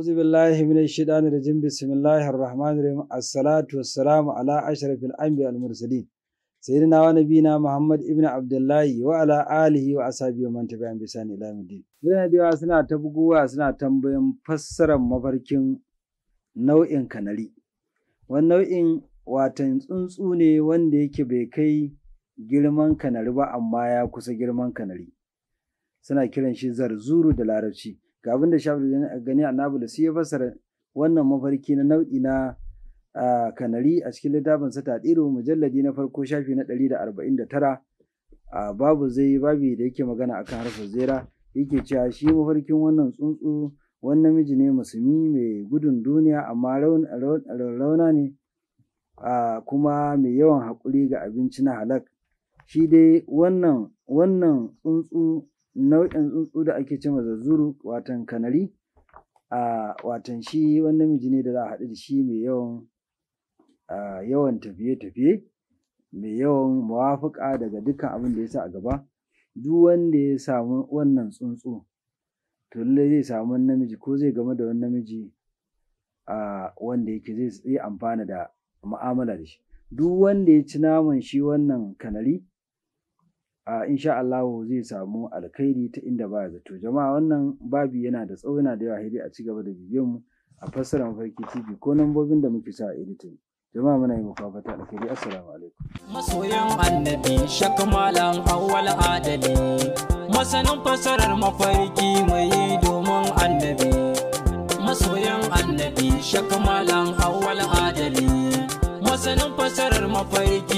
أعوذ بالله من الشيطان الرجيم بسم الله الرحمن الرحيم الصلاة والسلام على أشرف الأنبياء المرسلين سيدنا ونبينا محمد ابن عبد الله وعلى آله وأصحابه ومن تبعهم بإحسان إلى يوم الدين. Muna da suna ta buguwa suna tambayin fassarar mafarkin nau'in kanari. Wani nau'in watan tsuntsu ne wanda yake bai kai girman kanari ba amma ya kusa girman kanari. Suna kiran shi zarzuru da larabci. ga abin da shafi gani a su ya fassara wannan mafarki na nau'i na kanari a cikin littafin sa tadiru mujalladi na farko shafi na da tara. babu zai babi da yake magana akan harfin zera yake cewa shi mafarkin wannan tsuntsu wani namiji ne musulmi mai gudun duniya amma rauna ne kuma mai yawan haƙuri ga abinci na halak shi dai wannan tsuntsu nau'in tsuntsu da ake cewa zazzuru watan kanari a watan shi wani namiji ne da za a haɗu da shi mai yawan yawan tafiye-tafiye mai yawan mawafuka daga dukkan abin da ya sa a gaba duk wanda ya samu wannan tsuntsu to lallai zai samu wani namiji ko zai game da wani namiji wanda yake zai amfana da mu'amala da shi duk wanda ya ci naman shi wannan kanari a insha Allahu zai samu alkhairi ta inda ba zato jama'a wannan babi yana da tsawo yana da yawa a ci gaba da bibiyan mu a fassara mafarki tv ko nambobin da muke sa a editing jama'a muna yi muku fata alkhairi assalamu alaikum masoyan annabi shakmalan malam awwal adali masanin fassarar mafarki mai domin annabi masoyan annabi shakmalan malam awwal adali masanin fassarar mafarki